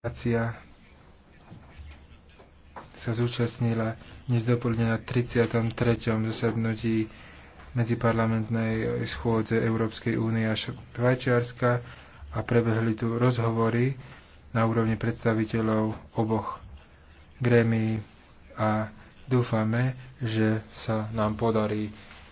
delegácia sa zúčastnila dnes dopoludne na 33. zasadnutí medziparlamentnej schôdze Európskej únie a Švajčiarska a prebehli tu rozhovory na úrovni predstaviteľov oboch grémií a dúfame, že sa nám podarí